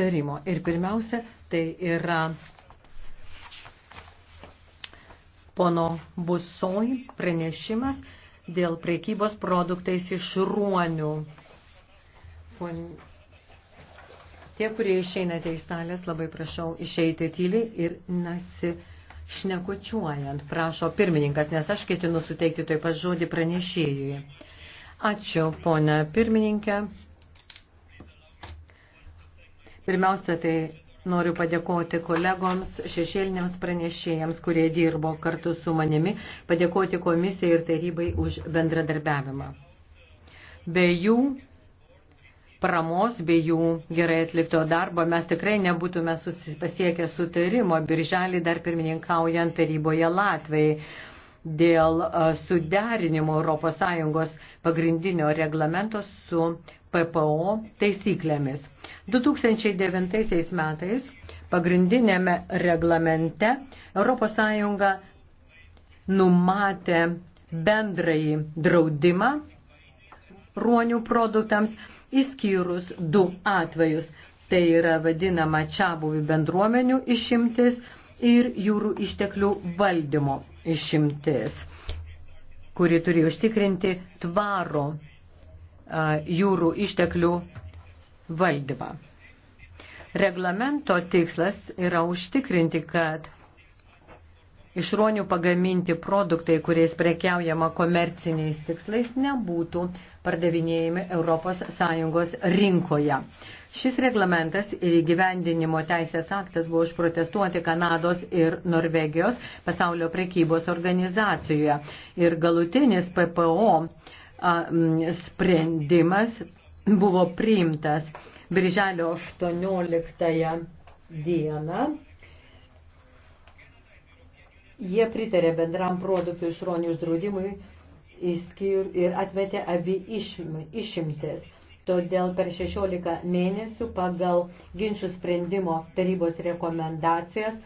susitarimo. Ir pirmiausia, tai yra pono Busoj pranešimas dėl prekybos produktais iš ruonių. Pon... Tie, kurie išeinate iš salės, labai prašau išeiti tyliai ir nesišnekučiuojant, prašo pirmininkas, nes aš ketinu suteikti toj pat žodį pranešėjui. Ačiū, ponia pirmininkė. Pirmiausia, tai noriu padėkoti kolegoms, šešėliniams pranešėjams, kurie dirbo kartu su manimi, padėkoti komisijai ir tarybai už bendradarbiavimą. Be jų paramos bei jų gerai atlikto darbo mes tikrai nebūtume pasiekę sutarimo birželį dar pirmininkaujant taryboje Latvijai dėl suderinimo ES pagrindinio reglamento su PPO taisyklėmis. 2009 metais pagrindinėme reglamente ES numatė bendrąjį draudimą ruonių produktams, įskyrus du atvejus. Tai yra vadinama čiabuvių bendruomenių išimtis ir jūrų išteklių valdymo išimtis, kuri turi užtikrinti tvaro jūrų išteklių valdymą. Reglamento tikslas yra užtikrinti, kad iš ruonių pagaminti produktai, kuriais prekiaujama komerciniais tikslais, nebūtų pardavinėjami ES rinkoje. Šis reglamentas ir įgyvendinimo teisės aktas buvo išprotestuoti Kanados ir Norvegijos pasaulio prekybos organizacijoje. Ir galutinis PPO a, sprendimas buvo priimtas Birželio 18 dieną Jie pritarė bendram produktų išronių uždraudimui ir atmetė abi išimtis. Todėl per 16 mėnesių pagal ginčių sprendimo tarybos rekomendacijas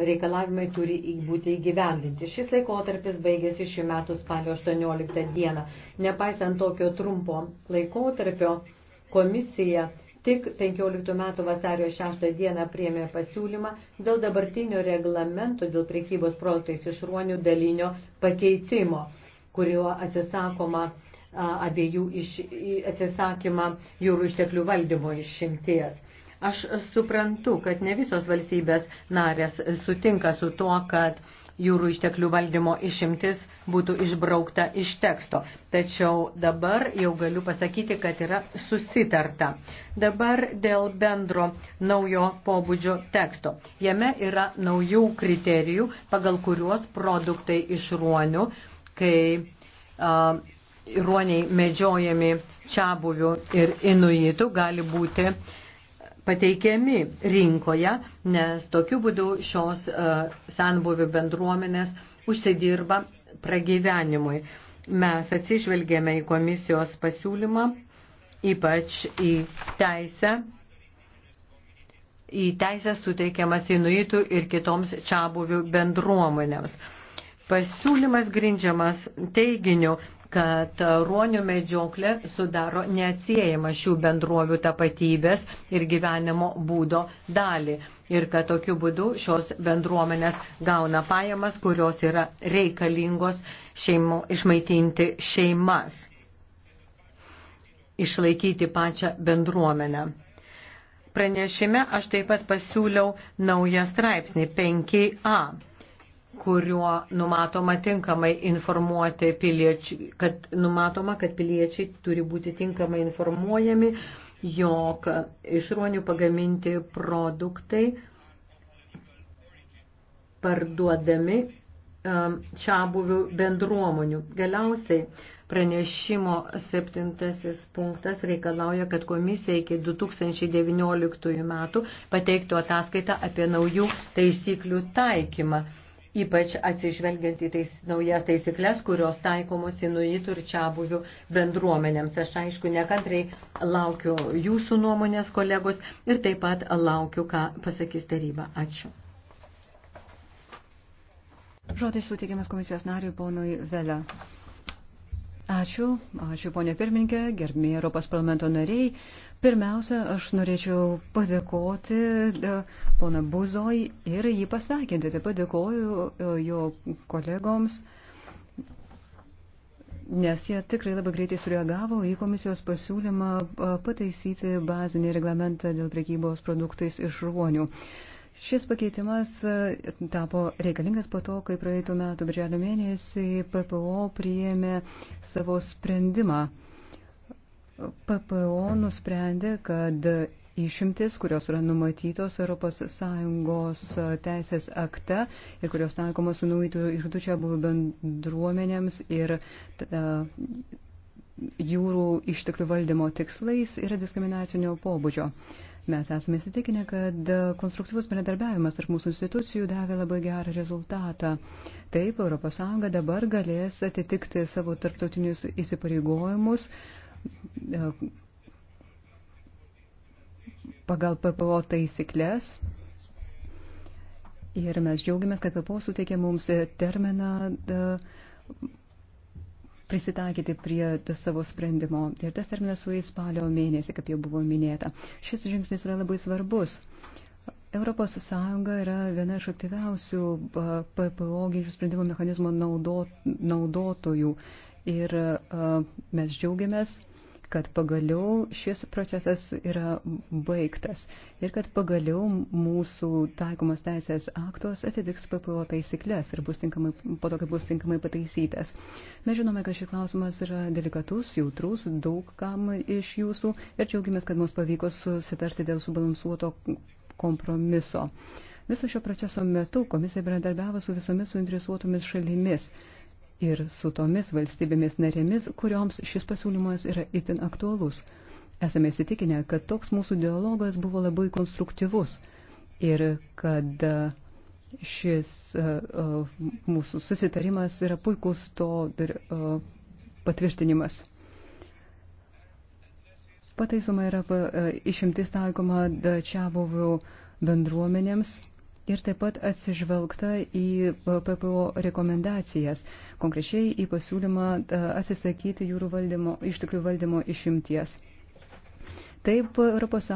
reikalavimai turi būti įgyvendinti. Šis laikotarpis baigėsi šių metų spalio 18 dieną. Nepaisant tokio trumpo laikotarpio, komisija tik 15 metų vasario 6 dieną priėmė pasiūlymą dėl dabartinio reglamento dėl priekybos produktais iš ruonių dalinio pakeitimo, kuriuo atsisakoma abiejų iš, atsisakymą jūrų išteklių valdymo išimties. Aš suprantu, kad ne visos valstybės narės sutinka su tuo, kad uh, jūrų išteklių valdymo išimtis būtų išbraukta iš teksto. Tačiau dabar jau galiu pasakyti, kad yra susitarta. Dabar dėl bendro naujo pobūdžio teksto. Jame yra naujų kriterijų, pagal kuriuos produktai iš ruonių, kai uh, ruoniai medžiojami čiabuvių ir inuitų, gali būti uh, pateikiami rinkoje, nes tokiu būdu šios e, senbuvių bendruomenės užsidirba pragyvenimui. Mes atsižvelgėme į komisijos pasiūlymą, ypač į teisę į teisę suteikiamas inuitų ir kitoms čiabuvių bendruomenėms. Pasiūlymas grindžiamas teiginiu, kad ruonių medžioklė sudaro neatsiejama šių bendrovių tapatybės ir gyvenimo būdo dalį ir kad tokiu būdu šios bendruomenės gauna pajamas, kurios yra reikalingos šeimo, išmaitinti šeimas, išlaikyti pačią bendruomenę. Pranešime aš taip pat pasiūliau naują straipsnį 5a kuriuo numatoma tinkamai informuoti piliečiai, kad numatoma, kad piliečiai turi būti tinkamai informuojami, jog iš ruonių pagaminti produktai parduodami um, čia buvių bendruomonių. Galiausiai pranešimo septintasis punktas reikalauja, kad komisija iki 2019 metų pateiktų ataskaitą apie naujų taisyklių taikymą ypač atsižvelgiant į tais, naujas taisyklės, kurios taikomos inuitų ir čiabuvių bendruomenėms. Aš aišku, nekantrai laukiu jūsų nuomonės, kolegos, ir taip pat laukiu, ką pasakys taryba. Ačiū. Žodis suteikiamas komisijos nariui ponui Vela. Ačiū, ačiū ponė pirmininkė, gerbėjai Europos parlamento nariai. Pirmiausia, aš norėčiau padėkoti e, pona Buzoj ir jį pasakinti. Taip padėkoju e, jo kolegoms, nes jie tikrai labai greitai sureagavo į komisijos pasiūlymą e, pataisyti bazinį reglamentą dėl prekybos produktais iš ruonių. Šis pakeitimas tapo reikalingas po to, kai praeitų metų birželio mėnesį PPO priėmė savo sprendimą PPO nusprendė, kad išimtis, kurios yra numatytos ES teisės akte ir kurios taikomos inuitų ir dučia buvo bendruomenėms ir jūrų išteklių valdymo tikslais yra diskriminacinio pobūdžio. Mes esame įsitikinę, kad konstruktyvus bendradarbiavimas tarp mūsų institucijų davė labai gerą rezultatą. Taip, ES dabar galės atitikti savo tarptautinius įsipareigojimus, uh, pagal PPO taisyklės. Ir mes džiaugiamės, kad PPO suteikė mums terminą prisitaikyti prie savo sprendimo. Ir tas terminas su spalio mėnesį, kaip jau buvo minėta. Šis žingsnis yra labai svarbus. Europos Sąjunga yra viena iš aktyviausių PPO ginčių sprendimo mechanizmo naudot, naudotojų. Ir mes džiaugiamės, kad pagaliau šis procesas yra baigtas ir kad pagaliau mūsų taikomas teisės aktos atitiks PPO taisyklės ir bus tinkamai, po to, kai bus tinkamai pataisytas. Mes žinome, kad šis klausimas yra delikatus, jautrus, daug kam iš jūsų ir džiaugiamės, kad mums pavyko susitarti dėl subalansuoto kompromiso. Viso šio proceso metu komisija bendradarbiavo su visomis suinteresuotomis šalimis ir su tomis valstybėmis narėmis, kurioms šis pasiūlymas yra itin aktualus. Esame įsitikinę, kad toks mūsų dialogas buvo labai konstruktyvus ir kad e, šis e, e, mūsų susitarimas yra puikus to patvirtinimas. Pataisoma yra išimtis taikoma čia buvių bendruomenėms ir taip pat atsižvelgta į e, PPO rekomendacijas, konkrečiai į pasiūlymą e, atsisakyti jūrų valdymo, išteklių valdymo išimties. Taip ES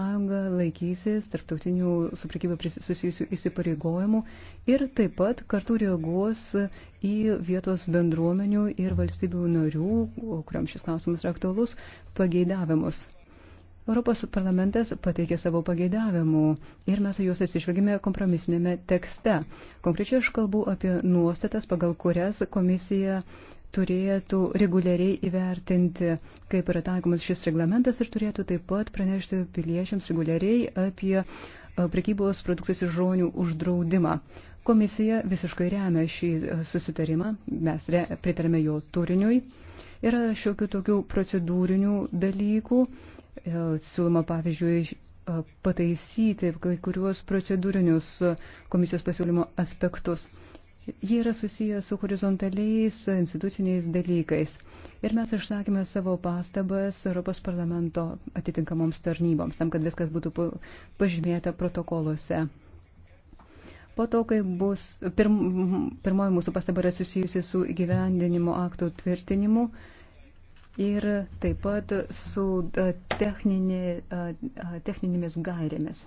laikysis tarptautinių su prekyba susijusių įsipareigojimų ir taip pat kartu reaguos į vietos bendruomenių ir valstybių narių, kuriam šis klausimas yra aktualus, pageidavimus. Europos parlamentas pateikė savo pageidavimų ir mes juos atsižvelgime kompromisinėme tekste. Konkrečiai aš kalbu apie nuostatas, pagal kurias komisija turėtų reguliariai įvertinti, kaip yra taikomas šis reglamentas ir turėtų taip pat pranešti piliečiams reguliariai apie e, prekybos produktus ir žonių uždraudimą. Komisija visiškai remia šį e, susitarimą, mes re, pritarėme jo turiniui. Yra šiokių tokių procedūrinių dalykų E, siūloma, pavyzdžiui, e, pataisyti kai kuriuos procedūrinius komisijos pasiūlymo aspektus. Jie yra susiję su horizontaliais instituciniais dalykais. Ir mes išsakėme savo pastabas Europos parlamento atitinkamoms tarnyboms, tam, kad viskas būtų pažymėta protokoluose. Po to, kai bus pirm, pirmoji mūsų pastaba yra susijusi su įgyvendinimo aktų tvirtinimu, uh, ir taip pat su e, techninė, e, e, techninėmis gairėmis.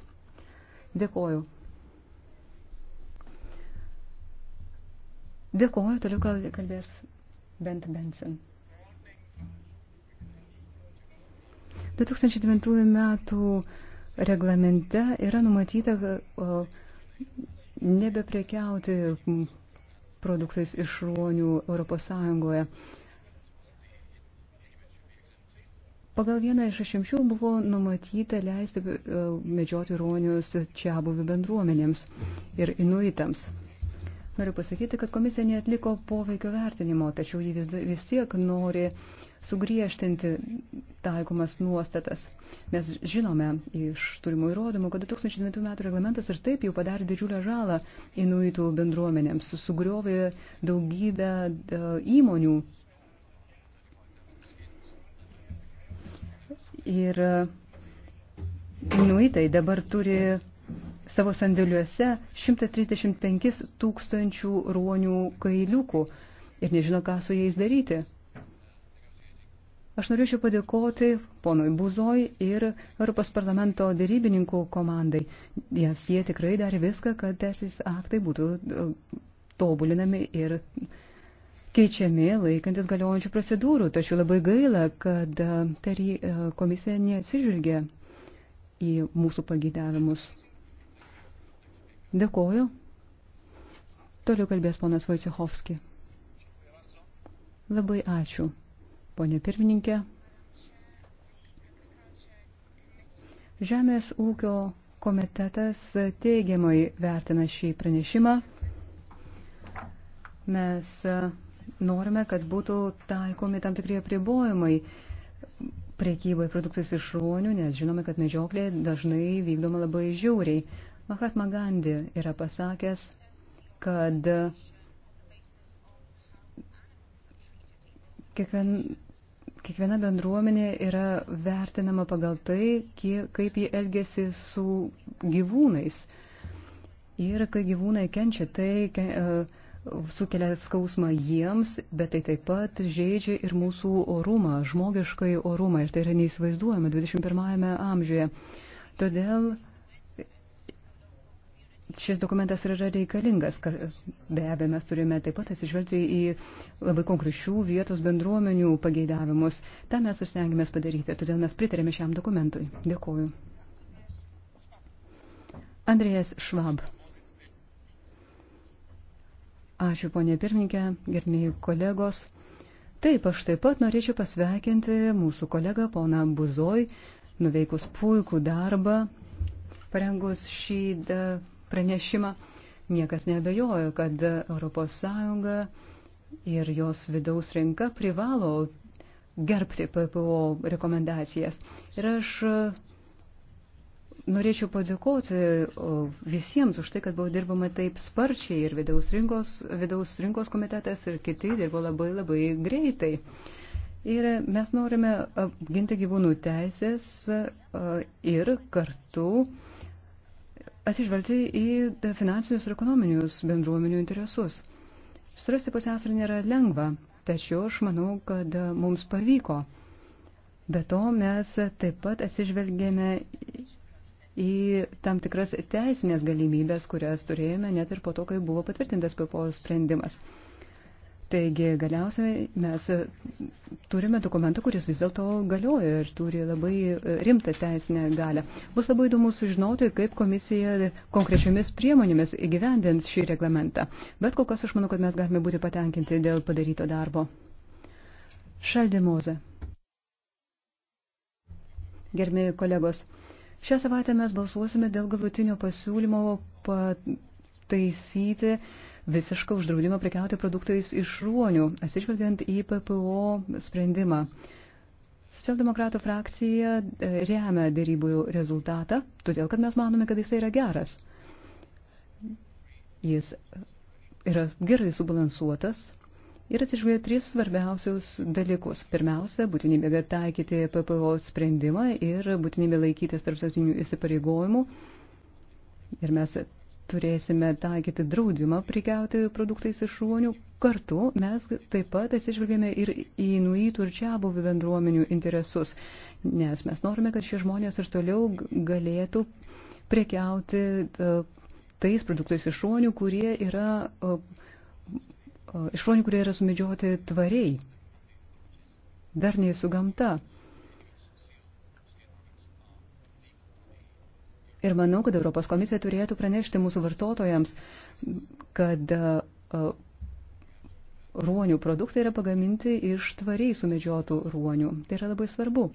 Dėkoju. Dėkoju, toliau kalbės Bent Benson. 2009 metų reglamente yra numatyta nebeprekiauti produktais iš ruonių Europos Sąjungoje. Pagal vieną iš išimčių buvo numatyta leisti e, medžioti ruonius čia buvių bendruomenėms ir inuitams. Noriu pasakyti, kad komisija neatliko poveikio vertinimo, tačiau ji vis, vis tiek nori sugriežtinti taikomas nuostatas. Mes žinome iš turimų įrodymų, kad 2009 metų reglamentas ir taip jau padarė didžiulę žalą inuitų bendruomenėms, sugriovė daugybę e, įmonių Ir e, inuitai dabar turi savo sandėliuose 135 tūkstančių ruonių kailiukų ir nežino, ką su jais daryti. Aš norėčiau padėkoti ponui Buzoj ir Europos parlamento dėrybininkų komandai, nes jie tikrai darė viską, kad teisės aktai būtų e, tobulinami ir keičiami laikantis galiojančių procedūrų. Tačiau labai gaila, kad e, tary, e, komisija neatsižvelgia į mūsų pagydavimus. Dėkoju. Toliau kalbės ponas Vojcehovski. Labai ačiū, ponė pirmininkė. Žemės ūkio komitetas teigiamai vertina šį pranešimą. Mes e, norime, kad būtų taikomi tam tikrie apribojimai priekybai produktais iš ruonių, nes žinome, kad medžioklė dažnai vykdoma labai žiauriai. Mahatma Gandhi yra pasakęs, kad kiekvien, kiekviena bendruomenė yra vertinama pagal tai, kiek, kaip jie elgesi su gyvūnais. Ir kai gyvūnai kenčia, tai uh, sukelia skausmą jiems, bet tai taip pat žaidžia ir mūsų orumą, žmogiškai orumą. Ir tai yra neįsivaizduojama 21-ame amžiuje. Todėl šis dokumentas yra reikalingas. Be abejo, mes turime taip pat atsižvelgti į labai konkrečių vietos bendruomenių pageidavimus. Ta mes ir stengiamės padaryti. Todėl mes pritarėme šiam dokumentui. Dėkuoju. Andrėjas Švab. Ačiū, ponė pirmininkė, gerbėjai kolegos. Taip, aš taip pat norėčiau pasveikinti mūsų kolegą, poną Buzoj, nuveikus puikų darbą, parengus šį pranešimą. Niekas nebejojo, kad ES ir jos vidaus rinka privalo gerbti PPO rekomendacijas. Ir aš Norėčiau padėkoti visiems už tai, kad buvo dirbama taip sparčiai ir vidaus rinkos, vidaus rinkos komitetas ir kiti dirbo labai labai greitai. Ir mes norime apginti gyvūnų teisės ir kartu atsižvelgti į finansinius ir ekonominius bendruomenių interesus. Surasti pusiausvyrą nėra lengva, tačiau aš manau, kad mums pavyko. Be to mes taip pat atsižvelgėme į tam tikras teisinės galimybės, kurias turėjome net ir po to, kai buvo patvirtintas PPO sprendimas. Taigi galiausiai mes turime dokumentą, kuris vis dėlto galioja ir turi labai rimtą teisinę galę. Bus labai įdomu sužinoti, kaip komisija konkrečiomis priemonėmis įgyvendins šį reglamentą. Bet kol kas aš manau, kad mes galime būti patenkinti dėl padaryto darbo. Šaldimoze. Gerbėjai kolegos. Šią savaitę mes balsuosime dėl galutinio pasiūlymo pataisyti visišką uždraudimą prekiauti produktais iš ruonių, atsižvelgiant į PPO sprendimą. Socialdemokratų frakcija e, remia dėrybų rezultatą, todėl kad mes manome, kad jisai yra geras. Jis yra gerai subalansuotas, ir atsižvelgia tris svarbiausius dalykus. Pirmiausia, būtinybė taikyti PPO sprendimą ir būtinybė laikytis tarptautinių įsipareigojimų. Ir mes turėsime taikyti draudimą prikiauti produktais iš ruonių. Kartu mes taip pat atsižvelgėme ir į nuitų ir čia buvių bendruomenių interesus, nes mes norime, kad šie žmonės ir toliau galėtų prekiauti tais produktais iš ruonių, kurie yra uh, Išronių, kurie yra sumedžioti tvariai, darniai su gamta. Ir manau, kad Europos komisija turėtų pranešti mūsų vartotojams, kad ruonių produktai yra pagaminti iš tvariai sumedžiotų ruonių. Tai yra labai svarbu.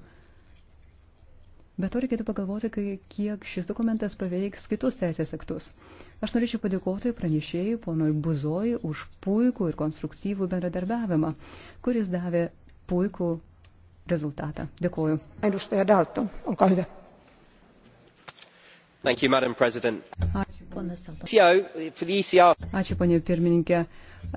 Bet to reikėtų pagalvoti, kai, kiek šis dokumentas paveiks kitus teisės aktus. Aš norėčiau padėkoti pranešėjai ponui Buzoj už puikų ir konstruktyvų bendradarbiavimą, kuris davė puikų rezultatą. Dėkuoju. Edustaja Dalton, olkaa hyvä. Thank you, Madam President. Ačiū. Ponas e e Ačiū, ponė pirmininkė.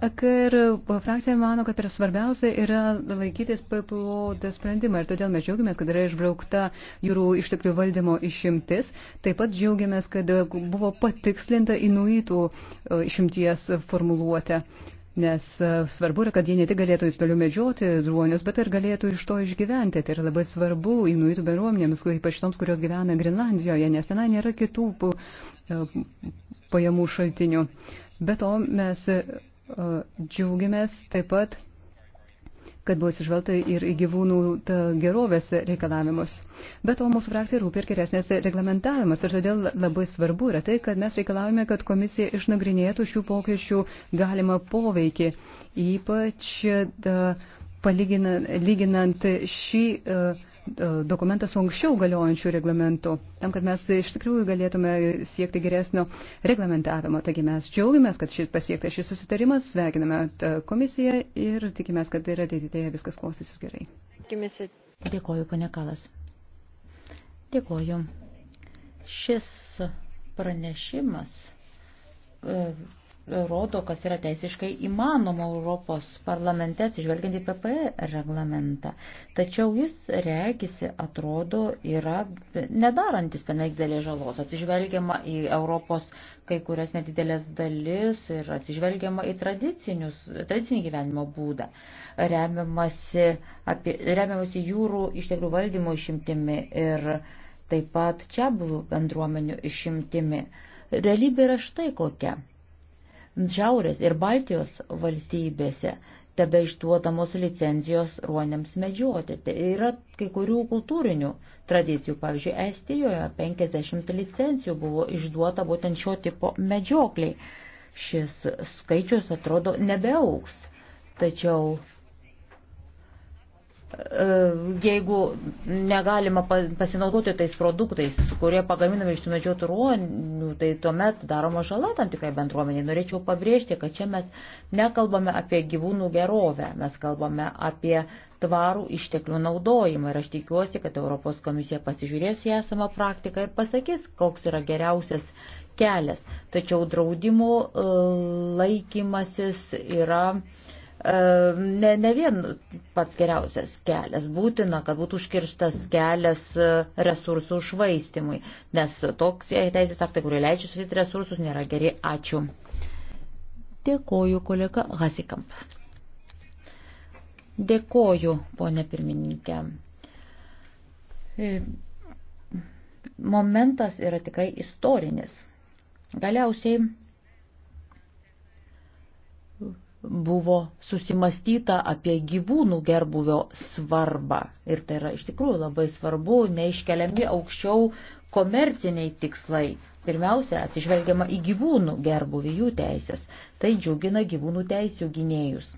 Ir frakcija mano, kad per tai svarbiausia yra laikytis PPO sprendimą ir todėl mes džiaugiamės, kad yra išbraukta jūrų išteklių valdymo išimtis. Taip pat džiaugiamės, kad buvo patikslinta inuitų e, išimties formuluotė. Nes e, svarbu yra, kad jie ne tik galėtų toliau medžioti ruonius, bet ir galėtų iš to išgyventi. Tai yra labai svarbu inuitų bendruomenėms, ypač toms, kurios gyvena Grenlandijoje, nes tenai nėra kitų e, pajamų šaltinių. Be to mes e, džiaugiamės taip pat kad buvo atsižvelgta ir į gyvūnų gerovės reikalavimus. Bet o mūsų frakcija rūpi ir geresnės reglamentavimas. Ir todėl labai svarbu yra tai, kad mes reikalavome, kad komisija išnagrinėtų šių pokyčių galimą poveikį. Ypač da, uh, lyginant šį e, e, dokumentą su anksčiau galiojančių reglamentų, tam, kad mes iš tikrųjų galėtume siekti geresnio reglamentavimo. Taigi mes džiaugiamės, kad šis pasiektas šis susitarimas, sveikiname e, komisiją ir tikimės, kad ir ateityje viskas klostysis gerai. Dėkoju, pane Kalas. Dėkoju. Šis pranešimas. E, rodo, kas yra teisiškai įmanoma Europos parlamente atsižvelgiant į PPE reglamentą. Tačiau jis regisi, atrodo, yra nedarantis penaik dėlės žalos. Atsižvelgiama į Europos kai kurias nedidelės dalis ir atsižvelgiama į tradicinį gyvenimo būdą. Remiamasi, apie, remiamasi jūrų išteklių valdymo išimtimi ir taip pat čia buvų bendruomenių išimtimi. Realybė yra štai kokia. Šiaurės ir Baltijos valstybėse tebe išduodamos licenzijos ruonėms medžioti. Tai yra kai kurių kultūrinių tradicijų. Pavyzdžiui, Estijoje 50 licencijų buvo išduota būtent šio tipo medžiokliai. Šis skaičius atrodo nebeauks. Tačiau E, jeigu negalima pasinaudoti tais produktais, kurie pagaminami iš sumedžiotų ruonių, tai tuomet daroma žala tam tikrai bendruomeniai. Norėčiau pabrėžti, kad čia mes nekalbame apie gyvūnų gerovę, mes kalbame apie tvarų išteklių naudojimą ir aš tikiuosi, kad Europos komisija pasižiūrės į esamą praktiką ir pasakys, koks yra geriausias kelias. Tačiau draudimo e, laikymasis yra uh, E, ne, ne vien pats geriausias kelias. Būtina, kad būtų užkirstas kelias e, resursų užvaistimui, nes toks teisės aktai, kurie leidžia susitikti resursus, nėra geri. Ačiū. Dėkoju kolega Hasikamp. Dėkoju, ponė pirmininkė. E, momentas yra tikrai istorinis. Galiausiai buvo susimastyta apie gyvūnų gerbuvio svarbą. Ir tai yra iš tikrųjų labai svarbu, neiškeliami aukščiau komerciniai tikslai. Pirmiausia, atsižvelgiama į gyvūnų gerbuvį, jų teisės. Tai džiugina gyvūnų teisų gynėjus.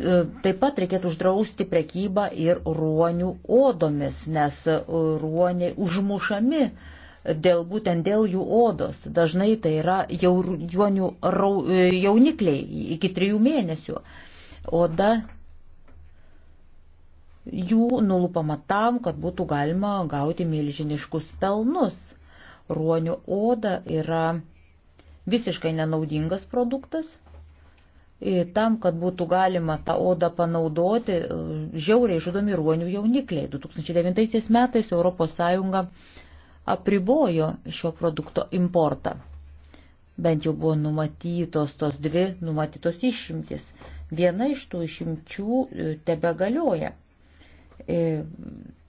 E, taip pat reikėtų uždrausti prekybą ir ruonių odomis, nes ruoniai užmušami uh, dėl būtent dėl jų odos. Dažnai tai yra jaunių e, jaunikliai iki trijų mėnesių. Oda jų nulupama tam, kad būtų galima gauti milžiniškus pelnus. Ruonių oda yra visiškai nenaudingas produktas. Ir e, tam, kad būtų galima tą odą panaudoti, e, žiauriai žudomi ruonių jaunikliai. 2009 metais ES apribojo šio produkto importą. Bent jau buvo numatytos tos dvi numatytos išimtis. Viena iš tų išimčių e, tebe galioja. E,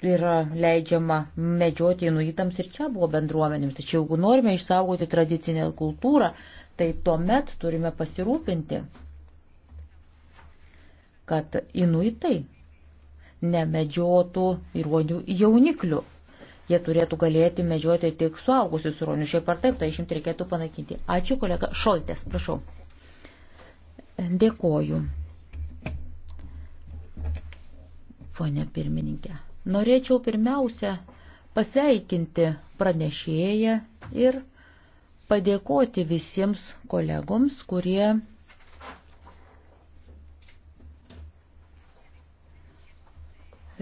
yra leidžiama medžioti inuitams ir čia buvo bendruomenėms. Tačiau jeigu norime išsaugoti tradicinę kultūrą, tai tuomet turime pasirūpinti, kad inuitai nemedžiotų įruonių jauniklių jie turėtų galėti medžioti tik suaugusius ruonius. Šiaip ar taip, tą tai išimti reikėtų panaikinti. Ačiū, kolega Šoltės, prašau. Dėkoju. Pone pirmininkė, norėčiau pirmiausia pasveikinti pranešėją ir padėkoti visiems kolegoms, kurie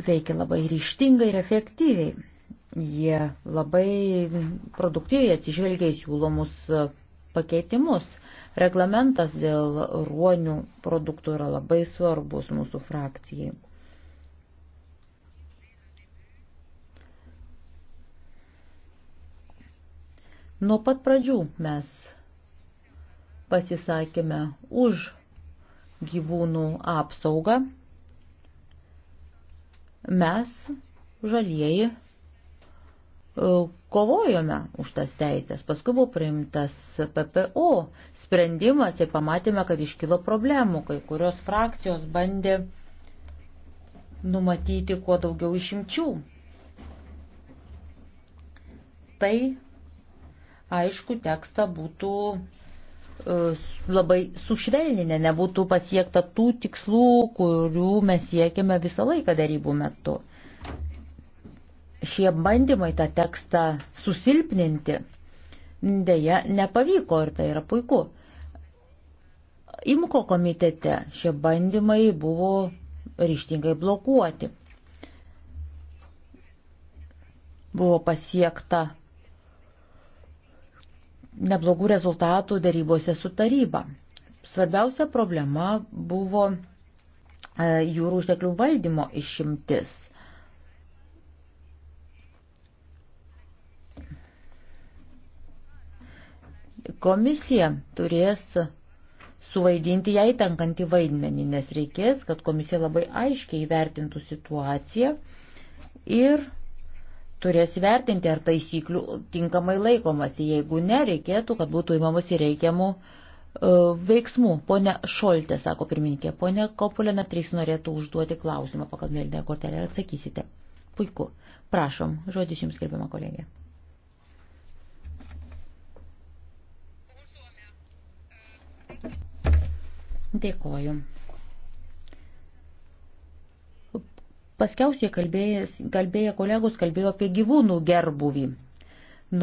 veikia labai ryštingai ir efektyviai. Jie labai produktyviai atsižvelgia į siūlomus pakeitimus. Reglamentas dėl ruonių produktų yra labai svarbus mūsų frakcijai. Nuo pat pradžių mes pasisakėme už gyvūnų apsaugą. Mes, žalieji, E, kovojome už tas teisės. Paskui buvo priimtas PPO sprendimas ir pamatėme, kad iškilo problemų, kai kurios frakcijos bandė numatyti kuo daugiau išimčių. Tai, aišku, tekstą būtų e, labai sušvelninę, nebūtų pasiekta tų tikslų, kurių mes siekime visą laiką darybų metu šie bandymai tą tekstą susilpninti dėja nepavyko ir tai yra puiku. Imko komitete šie bandymai buvo ryštingai blokuoti. Buvo pasiekta neblogų rezultatų darybose su taryba. Svarbiausia problema buvo e, jūrų išteklių valdymo išimtis. Iš Komisija turės suvaidinti jai tenkantį vaidmenį, nes reikės, kad komisija labai aiškiai įvertintų situaciją ir turės įvertinti, ar taisyklių tinkamai laikomasi. Jeigu nereikėtų, kad būtų įmamasi reikiamų e, veiksmų. Pone Šoltė, sako pirmininkė, pone Kopulėna 3 norėtų užduoti klausimą pagal mėlynę kortelę ir atsakysite. Puiku. Prašom, žodis jums, gerbiama kolegė. Dėkoju. Paskiausiai kalbėjęs, kalbėję kolegos kalbėjo apie gyvūnų gerbuvį.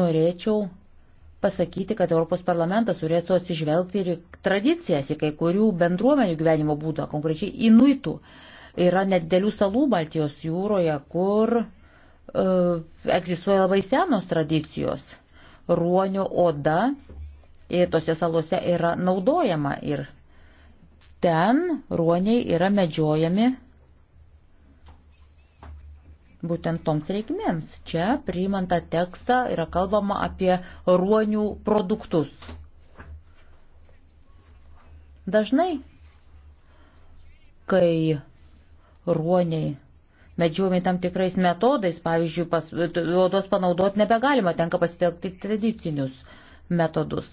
Norėčiau pasakyti, kad Europos parlamentas turėtų atsižvelgti ir tradicijas, į kai kurių bendruomenių gyvenimo būdą, konkrečiai inuitų. Yra nedidelių salų Baltijos jūroje, kur e, egzistuoja labai senos tradicijos. Ruonio oda tose salose yra naudojama ir ten ruoniai yra medžiojami būtent toms reikmėms. Čia priimant tą tekstą yra kalbama apie ruonių produktus. Dažnai, kai ruoniai medžiojami tam tikrais metodais, pavyzdžiui, pas, odos panaudoti nebegalima, tenka pasitelkti tradicinius metodus.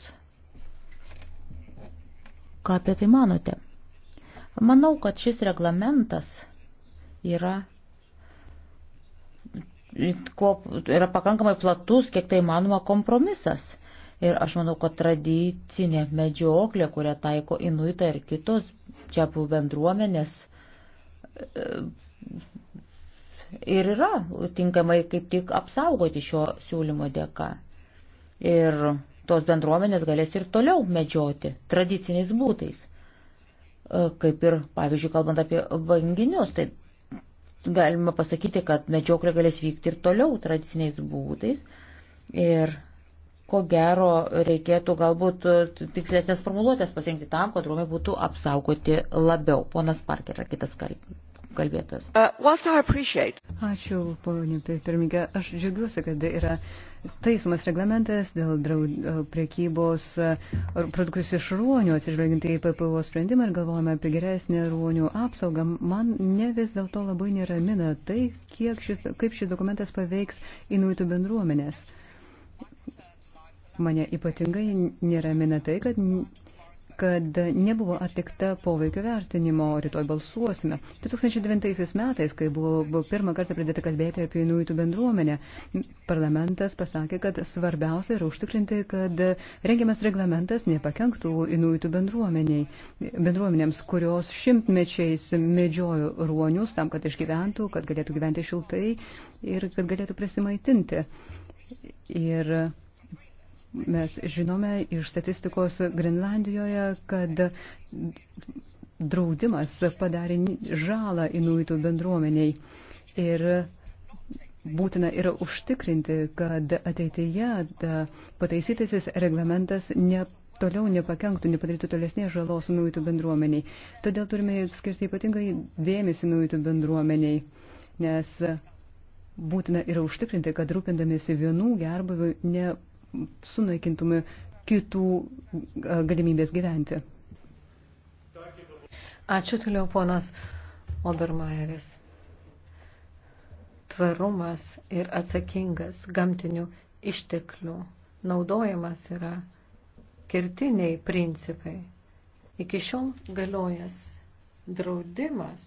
Ką apie tai manote? Manau, kad šis reglamentas yra, yra pakankamai platus, kiek tai manoma, kompromisas. Ir aš manau, kad tradicinė medžioklė, kurią taiko inuita ir kitos čia buvų bendruomenės, ir yra tinkamai kaip tik apsaugoti šio siūlymo dėka. Ir tos bendruomenės galės ir toliau medžioti tradiciniais būtais. E, kaip ir, pavyzdžiui, kalbant apie banginius, tai galima pasakyti, kad medžioklė galės vykti ir toliau tradiciniais būdais. Ir ko gero reikėtų galbūt tikslesnės formuluotės pasirinkti tam, kad rūmai būtų apsaugoti labiau. Ponas Parker, kitas kalbėjimas kalbėtas. Uh, Ačiū, ponė pirmininkė. Aš džiaugiuosi, kad yra taisomas reglamentas dėl draud, uh, priekybos uh, produktus iš ruonių, atsižvelgiant į PPO sprendimą ir galvojame apie geresnį ruonių apsaugą. Man ne vis dėlto labai neramina tai, šis, kaip šis dokumentas paveiks inuitų bendruomenės. Mane ypatingai neramina tai, kad kad nebuvo atlikta poveikio vertinimo, rytoj balsuosime. 2009 metais, kai buvo, buvo pirmą kartą pradėta kalbėti apie inuitų bendruomenę, parlamentas pasakė, kad svarbiausia yra užtikrinti, kad rengiamas reglamentas nepakenktų inuitų bendruomenėms, kurios šimtmečiais medžiojo ruonius tam, kad išgyventų, kad galėtų gyventi šiltai ir kad galėtų prisimaitinti. Ir Mes žinome iš statistikos Grenlandijoje, kad draudimas padarė žalą inuitų bendruomeniai. Ir būtina yra užtikrinti, kad ateityje pataisytasis reglamentas ne, toliau nepakenktų, nepadarytų tolesnės žalos nuitų bendruomeniai. Todėl turime skirti ypatingai dėmesį nuitų bendruomeniai, nes būtina yra užtikrinti, kad rūpindamėsi vienų gerbavių ne sunaikintume kitų galimybės gyventi. Ačiū toliau ponas Obermaeris. Tvarumas ir atsakingas gamtinių išteklių naudojimas yra kertiniai principai. Iki šiol galiojas draudimas,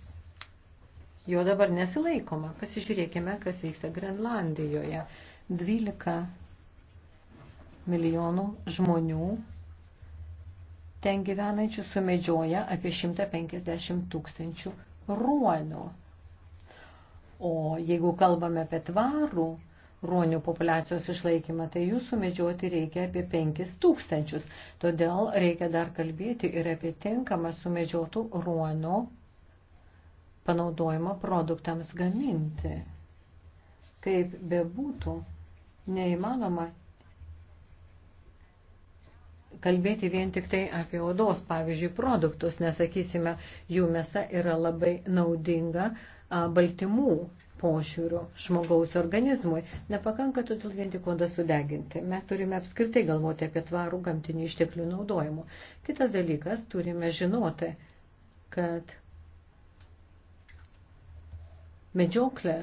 jo dabar nesilaikoma. Pasižiūrėkime, kas vyksta Grenlandijoje. 12 milijonų žmonių ten gyvenančių sumedžioja apie 150 tūkstančių ruonių. O jeigu kalbame apie tvarų ruonių populiacijos išlaikymą, tai jų sumedžioti reikia apie 5 tūkstančius. Todėl reikia dar kalbėti ir apie tinkamą sumedžiotų ruonų panaudojimą produktams gaminti. Kaip bebūtų, neįmanoma kalbėti vien tik tai apie odos, pavyzdžiui, produktus, nes, sakysime, jų mėsa yra labai naudinga baltymų pošiūrių žmogaus organizmui. Nepakanka todėl vien tik odą sudeginti. Mes turime apskritai galvoti apie tvarų gamtinių išteklių naudojimą. Kitas dalykas, turime žinoti, kad medžioklė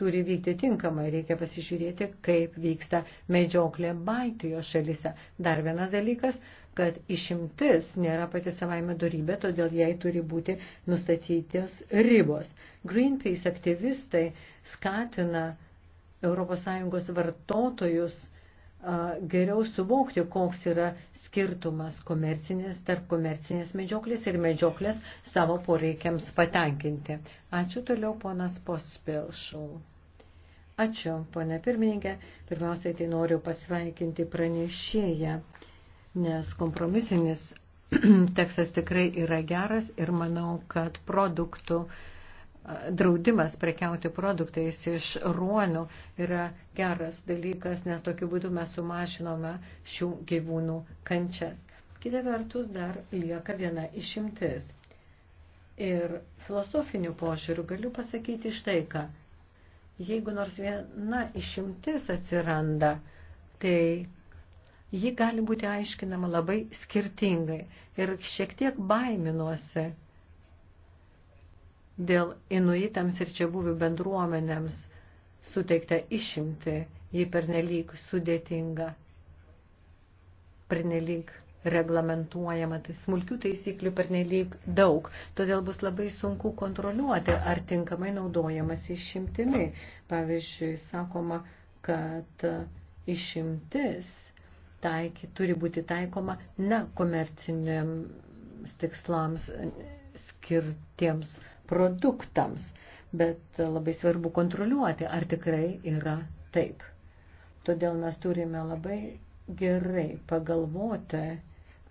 turi vykti tinkamai. Reikia pasižiūrėti, kaip vyksta medžioklė Baltijos šalise. Dar vienas dalykas, kad išimtis nėra pati savaime darybė, todėl jai turi būti nustatytos ribos. Greenpeace aktyvistai skatina ES vartotojus geriau suvokti, koks yra skirtumas komercinės tarp komercinės medžioklės ir medžioklės savo poreikiams patenkinti. Ačiū toliau ponas Pospilšau. Ačiū, ponė pirmininkė. Pirmiausiai tai noriu pasveikinti pranešėją, nes kompromisinis tekstas tikrai yra geras ir manau, kad produktų uh, draudimas prekiauti produktais iš ruonių yra geras dalykas, nes tokiu būdu mes sumažinome šių gyvūnų kančias. Kita vertus dar lieka viena išimtis. Ir filosofiniu požiūriu galiu pasakyti štai ką. Jeigu nors viena išimtis atsiranda, tai ji gali būti aiškinama labai skirtingai. Ir šiek tiek baiminuosi dėl inuitams ir čia buvių bendruomenėms suteikta išimti, jį pernelyg sudėtinga, pernelyg reglamentuojama, tai smulkių taisyklių pernelyg daug, todėl bus labai sunku kontroliuoti, ar tinkamai naudojamas išimtimi. Pavyzdžiui, sakoma, kad išimtis taiky, turi būti taikoma nekomerciniams tikslams skirtiems produktams, bet labai svarbu kontroliuoti, ar tikrai yra taip. Todėl mes turime labai gerai pagalvoti,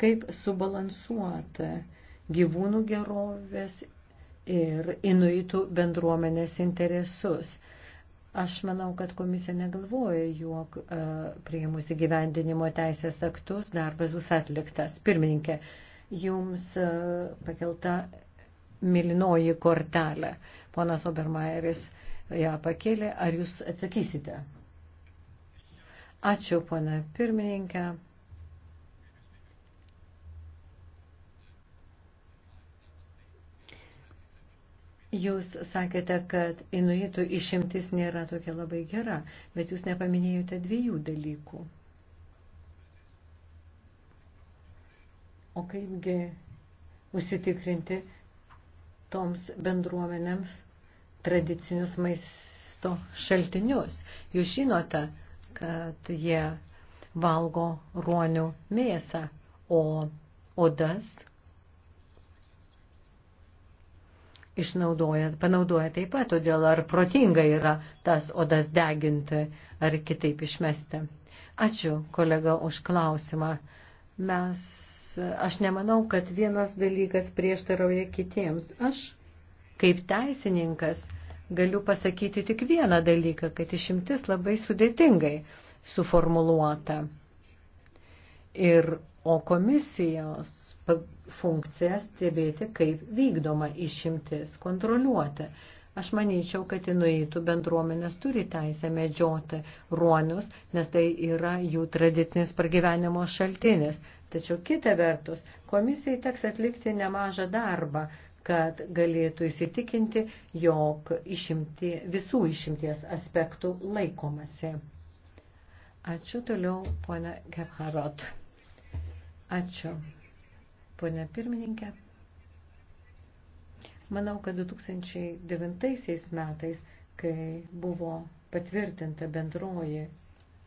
kaip subalansuoti gyvūnų gerovės ir inuitų bendruomenės interesus. Aš manau, kad komisija negalvoja, jog e, prieimusi gyvendinimo teisės aktus darbas bus atliktas. Pirmininkė, jums e, pakelta milinoji kortelė. Ponas Obermaeris ją pakėlė. Ar jūs atsakysite? Ačiū, pana pirmininkė. Jūs sakėte, kad inuitų išimtis nėra tokia labai gera, bet jūs nepaminėjote dviejų dalykų. O kaipgi užsitikrinti, toms bendruomenėms tradicinius maisto šaltinius. Jūs žinote, kad jie valgo ruonių mėsą, o odas išnaudoja, panaudoja taip pat, todėl ar protinga yra tas odas deginti ar kitaip išmesti. Ačiū, kolega, už klausimą. Mes aš nemanau, kad vienas dalykas prieštarauja kitiems. Aš, kaip teisininkas, galiu pasakyti tik vieną dalyką, kad išimtis labai sudėtingai suformuluota. Ir, o komisijos funkcija stebėti, kaip vykdoma išimtis, kontroliuoti. Aš manyčiau, kad inuitų bendruomenės turi teisę medžioti ruonius, nes tai yra jų tradicinis pragyvenimo šaltinis. Tačiau kita vertus, komisijai teks atlikti nemažą darbą, kad galėtų įsitikinti, jog išimti, visų išimties aspektų laikomasi. Ačiū toliau, ponia Gebharot. Ačiū, ponia pirmininkė. Manau, kad 2009 metais, kai buvo patvirtinta bendroji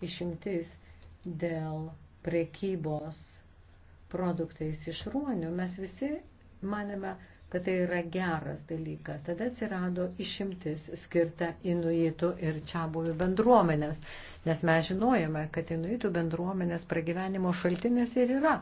išimtis dėl prekybos produktais iš ruonių, mes visi manėme, kad tai yra geras dalykas. Tada atsirado išimtis skirta inuitų ir čia buvių bendruomenės nes mes žinojame, kad inuitų bendruomenės pragyvenimo šaltinis ir yra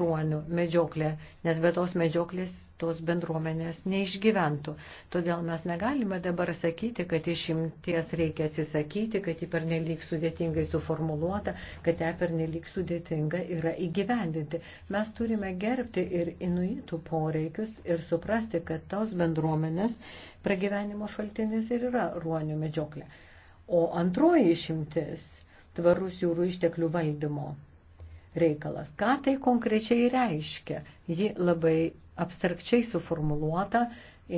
ruonių medžioklė, nes be tos medžioklės tos bendruomenės neišgyventų. Todėl mes negalime dabar sakyti, kad išimties reikia atsisakyti, kad ji pernelyg sudėtingai suformuluota, kad ją pernelyg sudėtinga yra įgyvendinti. Mes turime gerbti ir inuitų poreikius ir suprasti, kad tos bendruomenės pragyvenimo šaltinis ir yra ruonių medžioklė. O antroji išimtis - tvarus jūrų išteklių valdymo reikalas. Ką tai konkrečiai reiškia? Ji labai abstrakčiai suformuluota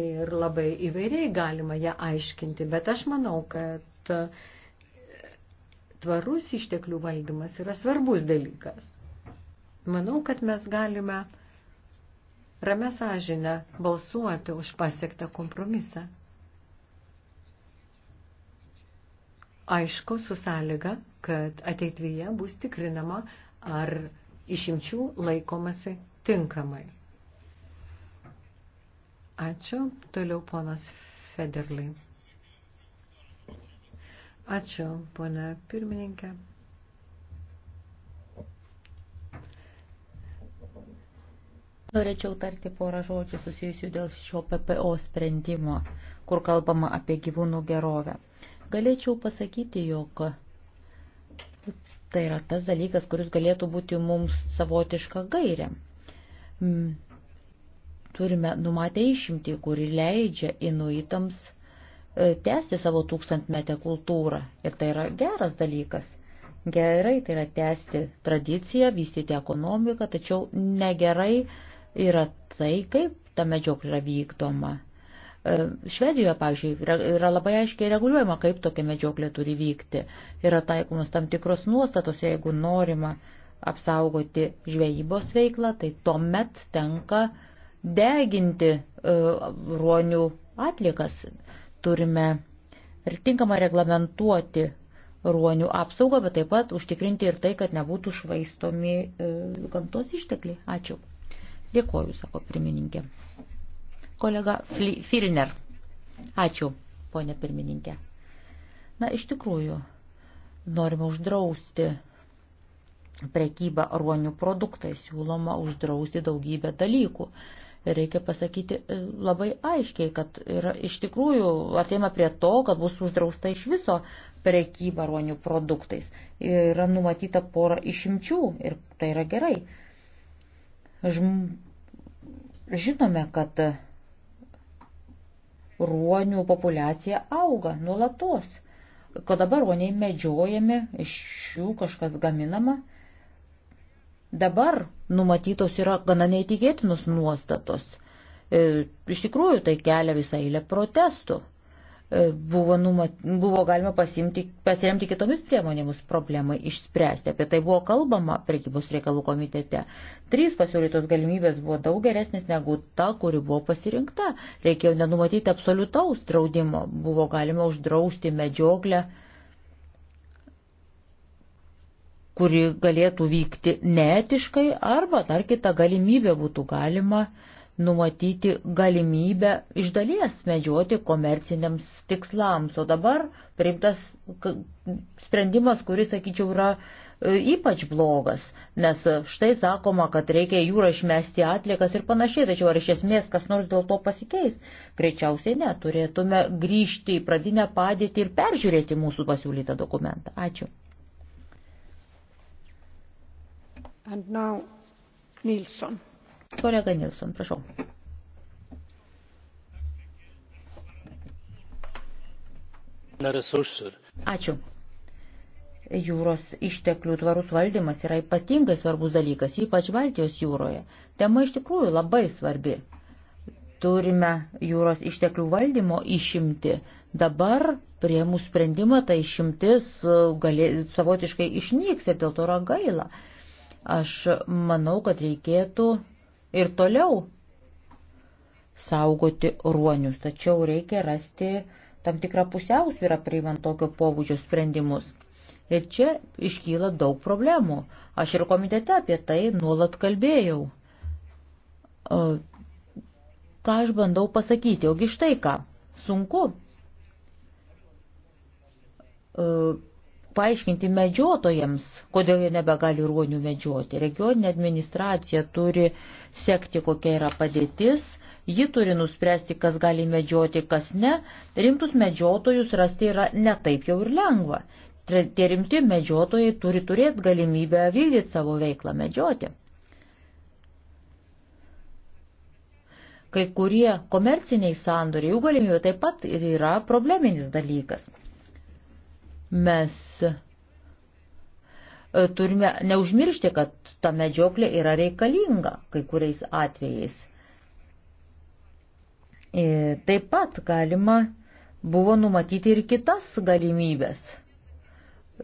ir labai įvairiai galima ją aiškinti, bet aš manau, kad tvarus išteklių valdymas yra svarbus dalykas. Manau, kad mes galime ramę sąžinę balsuoti už pasiektą kompromisą. aišku su sąlyga, kad ateityje bus tikrinama, ar išimčių laikomasi tinkamai. Ačiū. Toliau ponas Federlai. Ačiū, pone pirmininkė. Norėčiau tarti porą žodžių susijusių dėl šio PPO sprendimo, kur kalbama apie gyvūnų gerovę. Galėčiau pasakyti, jog tai yra tas dalykas, kuris galėtų būti mums savotiška gairė. Turime numatę išimtį, kuri leidžia inuitams e, tęsti savo tūkstantmetę kultūrą. Ir tai yra geras dalykas. Gerai tai yra tęsti tradiciją, vystyti ekonomiką, tačiau negerai yra tai, kaip ta medžioklė yra vykdoma. E, Švedijoje, pavyzdžiui, yra labai aiškiai reguliuojama, kaip tokia medžioklė turi vykti. Yra taikomas tam tikros nuostatos, jeigu norima apsaugoti žvejybos veiklą, tai tuomet tenka deginti e, ruonių atliekas. Turime ir tinkamą reglamentuoti ruonių apsaugą, bet taip pat užtikrinti ir tai, kad nebūtų švaistomi e, gamtos ištekliai. Ačiū. Dėkoju, sako pirmininkė kolega Filner. Ačiū, ponė pirmininkė. Na, iš tikrųjų, norime uždrausti prekybą ruonių produktais, siūloma uždrausti daugybę dalykų. Ir reikia pasakyti e, labai aiškiai, kad yra, iš tikrųjų artėjame prie to, kad bus uždrausta iš viso prekyba ruonių produktais. Yra numatyta pora išimčių ir tai yra gerai. Žm... Žinome, kad ruonių populiacija auga nuolatos. Kad dabar ruoniai medžiojami, iš jų kažkas gaminama. Dabar numatytos yra gana neįtikėtinus nuostatos. E, iš tikrųjų tai kelia visą eilę protestų. E, buvo, numat, buvo galima pasimti, pasiremti kitomis priemonėmis problemai išspręsti. Apie tai buvo kalbama prekybos reikalų komitete. Trys pasiūlytos galimybės buvo daug geresnės negu ta, kuri buvo pasirinkta. Reikėjo nenumatyti absoliutaus draudimo. Buvo galima uždrausti medžioklę kuri galėtų vykti neetiškai arba dar kita galimybė būtų galima uh, numatyti galimybę iš dalies medžioti komerciniams tikslams. O dabar priimtas sprendimas, kuris, sakyčiau, yra e, ypač blogas, nes štai sakoma, kad reikia jūrą išmesti atliekas ir panašiai, tačiau ar iš esmės kas nors dėl to pasikeis? Greičiausiai ne, turėtume grįžti į pradinę padėtį ir peržiūrėti mūsų pasiūlytą dokumentą. Ačiū. And now Nilsson. Kolega Nilsson, prašau. Ačiū. Jūros išteklių tvarus valdymas yra ypatingai svarbus dalykas, ypač Baltijos jūroje. Tema iš tikrųjų labai svarbi. Turime jūros išteklių valdymo išimti. Dabar prie mūsų sprendimą ta išimtis e, galė, savotiškai išnyks ir dėl to yra gaila. Aš manau, kad reikėtų ir toliau saugoti ruonius, tačiau reikia rasti tam tikrą pusiausvyrą priimant tokio pobūdžio sprendimus. Ir čia iškyla daug problemų. Aš ir komitete apie tai nuolat kalbėjau. O, ką aš bandau pasakyti, ogi štai ką. Sunku. O, paaiškinti medžiotojams, kodėl jie nebegali ruonių medžioti. Regioninė administracija turi sekti, kokia yra padėtis, ji turi nuspręsti, kas gali medžioti, kas ne. Rimtus medžiotojus rasti yra netaip jau ir lengva. Tie rimti medžiotojai turi turėti galimybę vykdyti savo veiklą medžioti. Kai kurie komerciniai sandoriai, jų galimybė taip pat yra probleminis dalykas. Mes e, turime neužmiršti, kad ta medžioklė yra reikalinga kai kuriais atvejais. E, taip pat galima buvo numatyti ir kitas galimybės –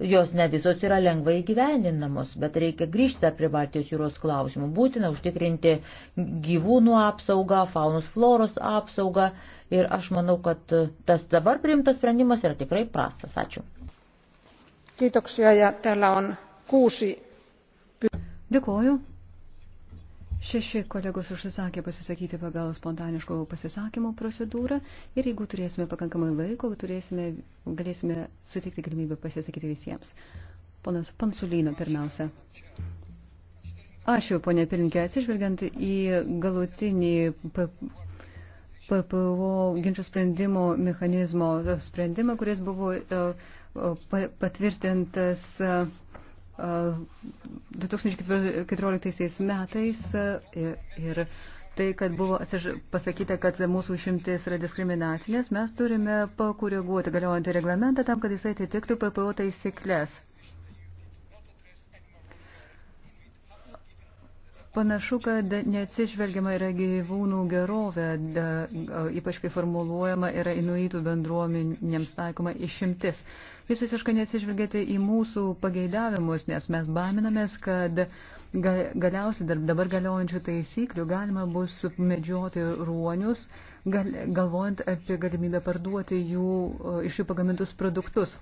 jos ne visos yra lengvai gyveninamos, bet reikia grįžti prie Baltijos jūros klausimų. Būtina užtikrinti gyvūnų apsaugą, faunus floros apsaugą ir aš manau, kad tas dabar priimtas sprendimas yra tikrai prastas. Ačiū. Kiitoksia ja täällä on kuusi. Dėkoju. Šeši kolegos užsisakė pasisakyti pagal spontaniško pasisakymo procedūrą ir jeigu turėsime pakankamai laiko, turėsime, galėsime sutikti galimybę pasisakyti visiems. Ponas Pansulino pirmiausia. Ačiū, ponė Pirinkė, atsižvelgiant į galutinį PPO ginčių sprendimo mechanizmo sprendimą, kuris buvo e, e, patvirtintas. 2014 metais ir, e, ir tai, kad buvo pasakyta, kad mūsų išimtis yra diskriminacinės, mes turime pakoreguoti galiojantį reglamentą tam, kad jisai atitiktų PPO taisyklės. Panašu, kad neatsižvelgiama yra gyvūnų gerovė, da, ypač kai formuluojama yra inuitų bendruomenėms taikoma išimtis. Jūs visiškai neatsižvelgėte į mūsų pageidavimus, nes mes baiminamės, kad galiausiai dabar galiojančių taisyklių galima bus medžioti ruonius, gal, galvojant apie galimybę parduoti jų, iš jų pagamintus produktus.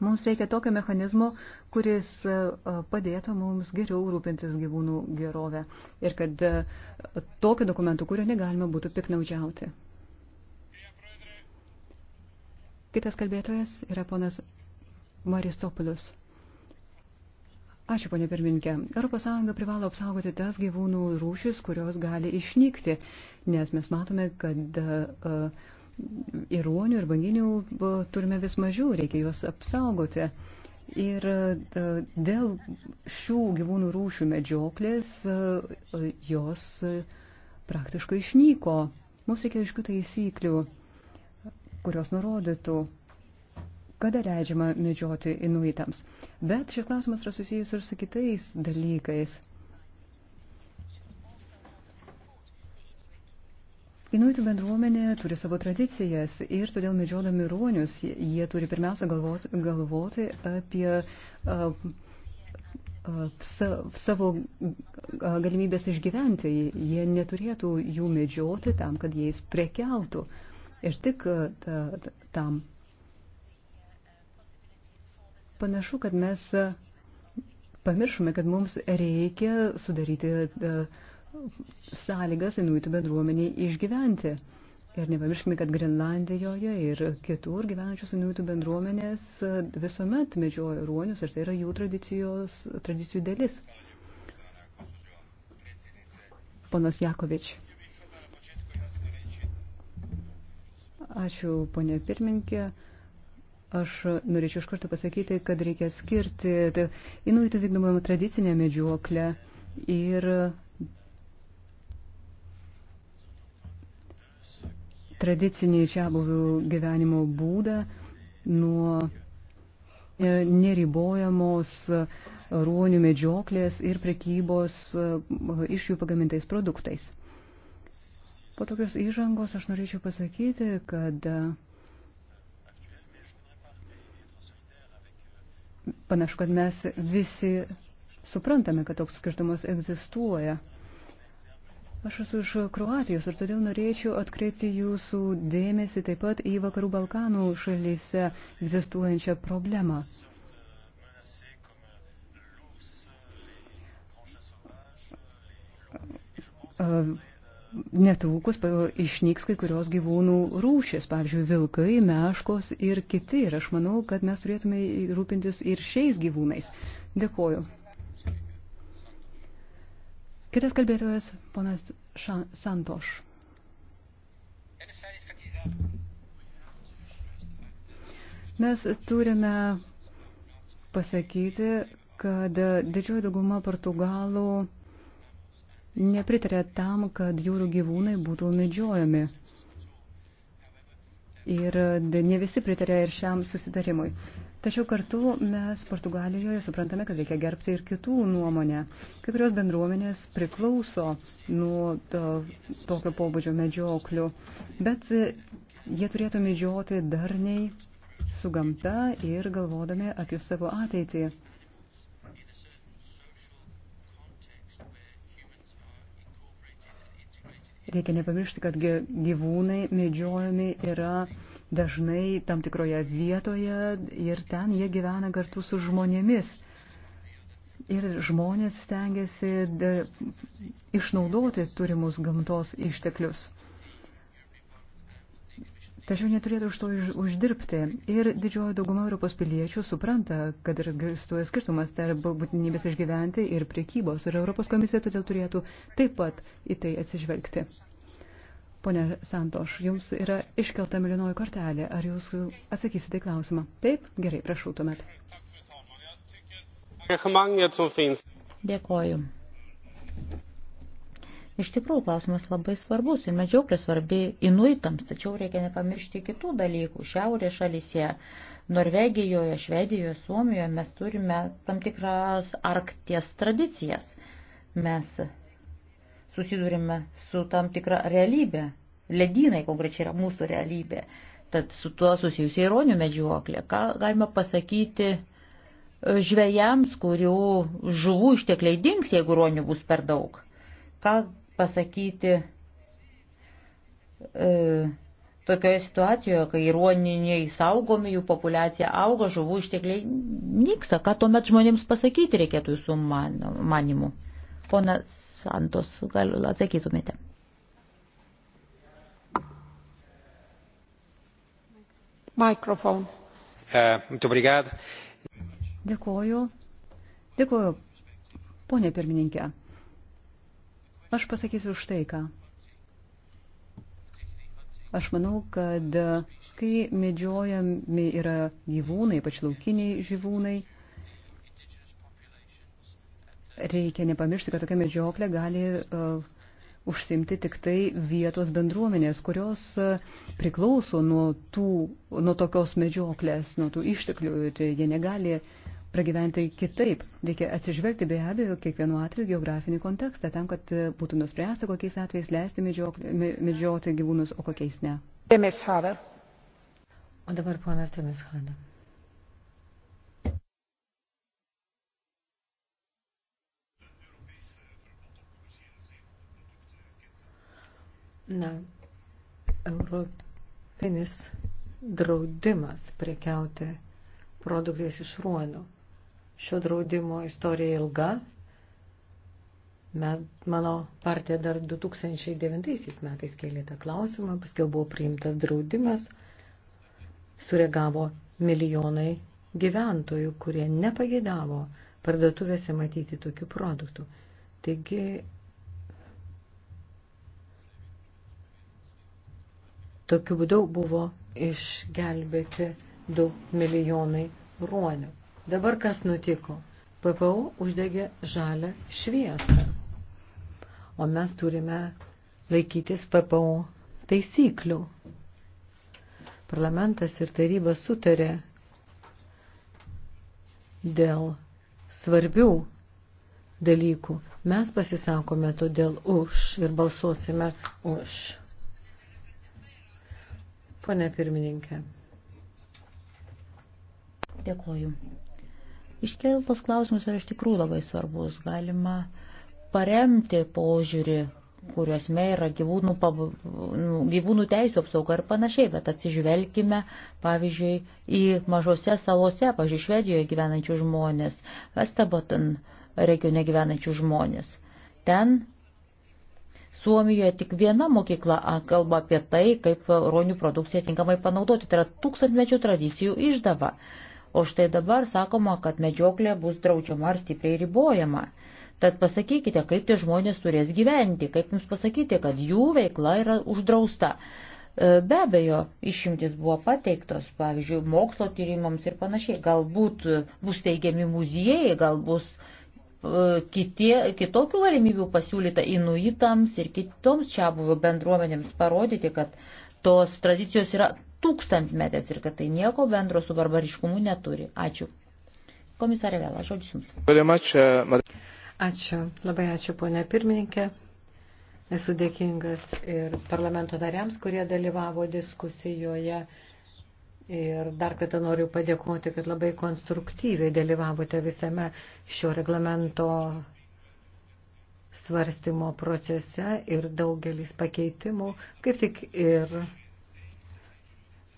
Mums reikia tokio mechanizmo, kuris e, padėtų mums geriau rūpintis gyvūnų gerovę ir kad e, tokio dokumentų, kurio negalima būtų piknaudžiauti. Kitas kalbėtojas yra ponas Maristopolius. Ačiū, ponė pirmininkė. ES privalo apsaugoti tas gyvūnų rūšis, kurios gali išnykti, nes mes matome, kad uh, ir ruonių, ir banginių turime vis mažiau, reikia juos apsaugoti. Ir e, dėl šių gyvūnų rūšių medžioklės e, e, jos praktiškai išnyko. Mums reikia aiškių taisyklių, kurios nurodytų, kada leidžiama medžioti inuitams. Bet šis klausimas yra susijęs ir su kitais dalykais. Inuitų bendruomenė turi savo tradicijas ir todėl medžiodami ruonius jie turi pirmiausia galvoti, galvoti apie a, a, sa, savo galimybės išgyventi. Jie neturėtų jų medžioti tam, kad jais prekiautų. Ir tik ta, ta, tam. Panašu, kad mes pamiršome, kad mums reikia sudaryti. A, sąlygas inuitų bendruomeniai išgyventi. Ir nepamirškime, kad Grenlandijoje ir kitur gyvenančios inuitų bendruomenės e, visuomet medžioja ruonius ir tai yra jų tradicijos, tradicijų dalis. Ponas Jakovič. Ačiū, ponė pirminkė. Aš norėčiau iš karto pasakyti, kad reikia skirti inuitų vykdomą tradicinę medžioklę ir tradicinį čia buvių gyvenimo būdą nuo e, neribojamos e, ruonių medžioklės ir prekybos e, iš jų pagamintais produktais. Po tokios įžangos aš norėčiau pasakyti, kad panašu, kad mes visi suprantame, kad toks skirtumas egzistuoja. Aš esu iš Kroatijos ir todėl norėčiau atkreipti jūsų dėmesį taip pat į Vakarų Balkanų šalyse egzistuojančią problemą. Netrukus išnyks kai kurios gyvūnų rūšės, pavyzdžiui, vilkai, meškos ir kiti. Ir aš manau, kad mes turėtume rūpintis ir šiais gyvūnais. Dėkuoju. Kitas kalbėtojas, ponas Santoš. Mes turime pasakyti, kad didžioji dauguma portugalų nepritarė tam, kad jūrų gyvūnai būtų medžiojami. Ir ne visi pritarė ir šiam susitarimui. Tačiau kartu mes Portugalijoje suprantame, kad reikia gerbti ir kitų nuomonę. Kai kurios bendruomenės priklauso nuo to, tokio pobūdžio medžioklių, bet jie turėtų medžioti darniai su gamta ir galvodami apie savo ateitį. Reikia nepamiršti, kad gyvūnai medžiojami yra dažnai tam tikroje vietoje ir ten jie gyvena kartu su žmonėmis. Ir žmonės stengiasi de, išnaudoti turimus gamtos išteklius. Tačiau neturėtų už to uždirbti. Ir didžioji dauguma Europos piliečių supranta, kad egzistuoja skirtumas tarp būtinybės išgyventi ir priekybos. Ir Europos komisija todėl turėtų taip pat į tai atsižvelgti. Pone Santoš, jums yra iškelta milinoji kortelė. Ar jūs atsakysite į klausimą? Taip? Gerai, prašau tuomet. Dėkoju. Iš tikrųjų, klausimas labai svarbus ir medžioklė svarbi inuitams, tačiau reikia nepamiršti kitų dalykų. Šiaurės šalyse, Norvegijoje, Švedijoje, Suomijoje mes turime tam tikras arkties tradicijas. Mes susidurime su tam tikra realybė. Ledynai konkrečiai yra mūsų realybė. Tad su tuo susijusi ironių medžioklė. Ką galima pasakyti e, žvėjams, kurių žuvų ištekliai dinks, jeigu ironių bus per daug? Ką pasakyti e, tokioje situacijoje, kai ironiniai saugomi, jų populiacija auga, žuvų ištekliai nyksta? Ką tuomet žmonėms pasakyti reikėtų jūsų man, manimų? Ponas Santos, gal atsakytumėte. Mikrofon. Uh, Dėkuoju. Dėkuoju, ponė pirmininkė. Aš pasakysiu už tai, ką. Aš manau, kad kai medžiojami yra gyvūnai, ypač laukiniai gyvūnai, Reikia nepamiršti, kad tokia medžioklė gali uh, užsimti tik tai vietos bendruomenės, kurios uh, priklauso nuo, tų, nuo tokios medžioklės, nuo tų išteklių ir tai jie negali pragyventi kitaip. Reikia atsižvelgti be abejo kiekvienu atveju geografinį kontekstą tam, kad uh, būtų nuspręsta, kokiais atvejais leisti medžioti gyvūnus, o kokiais ne. O dabar ponas Demis Hanna. Na, europinis draudimas prekiauti produktais iš ruonių. Šio draudimo istorija ilga. Mes, mano partija dar 2009 metais kėlė tą klausimą, paskui buvo priimtas draudimas, sureagavo milijonai gyventojų, kurie nepagėdavo parduotuvėse matyti tokių produktų. Taigi Tokiu būdu buvo išgelbėti 2 milijonai ruonių. Dabar kas nutiko? PPO uždegė žalę šviesą, o mes turime laikytis PPO taisyklių. Parlamentas ir taryba sutarė dėl svarbių dalykų. Mes pasisakome todėl už ir balsuosime už. Pone pirmininkė. Dėkoju. Iškeltas klausimas yra iš tikrųjų labai svarbus. Galima paremti požiūrį, kuriuosme yra gyvūnų, pav... Nu, gyvūnų teisų apsauga ir panašiai, bet atsižvelgime, pavyzdžiui, į mažose salose, pavyzdžiui, Švedijoje gyvenančių žmonės, Vestabotan regione gyvenančių žmonės. Ten Suomijoje tik viena mokykla kalba apie tai, kaip ronių produkciją tinkamai panaudoti. Tai yra tūkstantmečių tradicijų išdava. O štai dabar sakoma, kad medžioklė bus draudžiama ar stipriai ribojama. Tad pasakykite, kaip tie žmonės turės gyventi, kaip jums pasakyti, kad jų veikla yra uždrausta. E, be abejo, išimtis buvo pateiktos, pavyzdžiui, mokslo tyrimams ir panašiai. Galbūt bus teigiami muziejai, gal bus uh, E, kitie, kitokių galimybių pasiūlyta inuitams ir kitoms čia buvų bendruomenėms parodyti, kad tos tradicijos yra tūkstantmetės ir kad tai nieko bendro su barbariškumu neturi. Ačiū. Komisarė Vėla, žodžiu Jums. Uh, ačiū, labai ačiū ponė pirmininkė. Esu dėkingas ir parlamento nariams, kurie dalyvavo diskusijoje. Ir dar kartą noriu padėkoti, kad labai konstruktyviai dalyvavote visame šio reglamento svarstymo procese ir daugelis pakeitimų kaip tik ir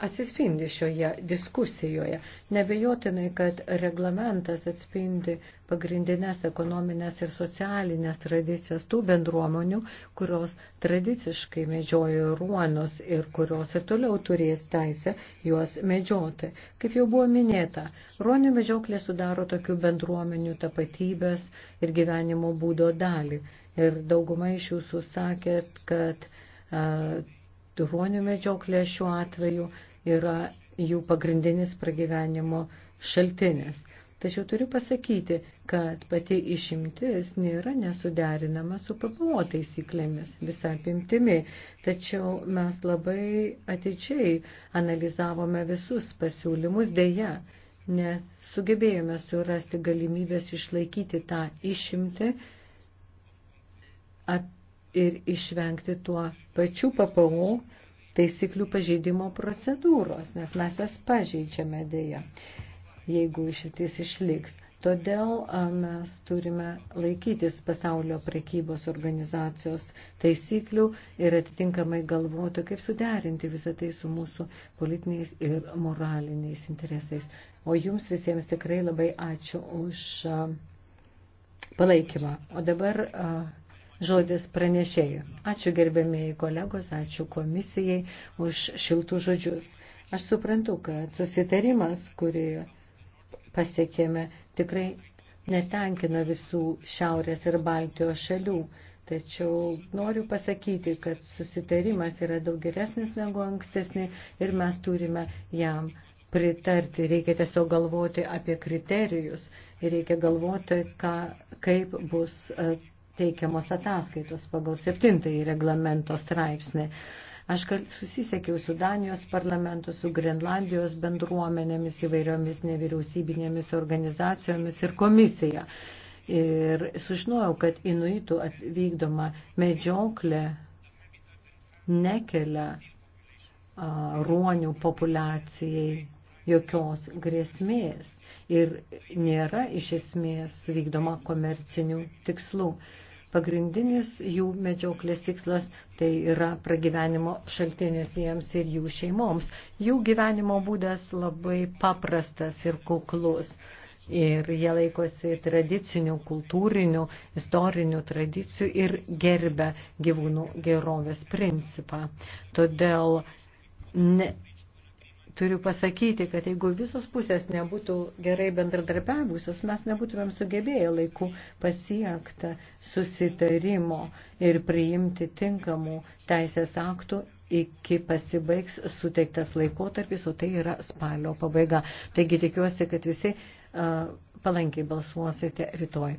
atsispindi šioje diskusijoje. Nebejotinai, kad reglamentas atspindi pagrindinės ekonominės ir socialinės tradicijas tų bendruomonių, kurios tradiciškai medžiojo ruonus ir kurios ir toliau turės teisę juos medžioti. Kaip jau buvo minėta, ruonių medžioklė sudaro tokių bendruomenių tapatybės ir gyvenimo būdo dalį. Ir dauguma iš jūsų sakėt, kad a, ruonių medžioklė šiuo atveju yra jų pagrindinis pragyvenimo šaltinis. Tačiau turiu pasakyti, kad pati išimtis nėra nesuderinama su PPO taisyklėmis visą apimtimi. Tačiau mes labai ateičiai analizavome visus pasiūlymus dėja, nes sugebėjome surasti galimybės išlaikyti tą išimtį ir išvengti tuo pačiu PPO taisyklių pažeidimo procedūros, nes mes jas pažeidžiame dėja, jeigu išimtis išliks. Todėl mes turime laikytis pasaulio prekybos organizacijos taisyklių ir atitinkamai galvoti, kaip suderinti visą tai su mūsų politiniais ir moraliniais interesais. O jums visiems tikrai labai ačiū už palaikymą. O dabar žodis pranešėjų. Ačiū gerbėmiai kolegos, ačiū komisijai už šiltų žodžius. Aš suprantu, kad susitarimas, kurį pasiekėme, tikrai netenkina visų Šiaurės ir Baltijos šalių. Tačiau noriu pasakyti, kad susitarimas yra daug geresnis negu ankstesni ir mes turime jam pritarti. Reikia tiesiog galvoti apie kriterijus ir reikia galvoti, ką, kaip bus teikiamos ataskaitos pagal septintąjį reglamento straipsnį. Aš susisiekiau su Danijos parlamentu, su Grenlandijos bendruomenėmis, įvairiomis nevyriausybinėmis organizacijomis ir komisija. Ir sužinojau, kad inuitų atvykdoma medžioklė nekelia a, ruonių populacijai jokios grėsmės ir nėra iš esmės vykdoma komercinių tikslų. Pagrindinis jų medžioklės tikslas tai yra pragyvenimo šaltinis jiems ir jų šeimoms. Jų gyvenimo būdas labai paprastas ir kuklus. Ir jie laikosi tradicinių, kultūrinių, istorinių tradicijų ir gerbia gyvūnų gerovės principą. Todėl ne, turiu pasakyti, kad jeigu visos pusės nebūtų gerai bendradarbiavusios, mes nebūtumėm sugebėję laiku pasiekti susitarimo ir priimti tinkamų teisės aktų iki pasibaigs suteiktas laikotarpis, o tai yra spalio pabaiga. Taigi tikiuosi, kad visi uh, palankiai balsuosite rytoj.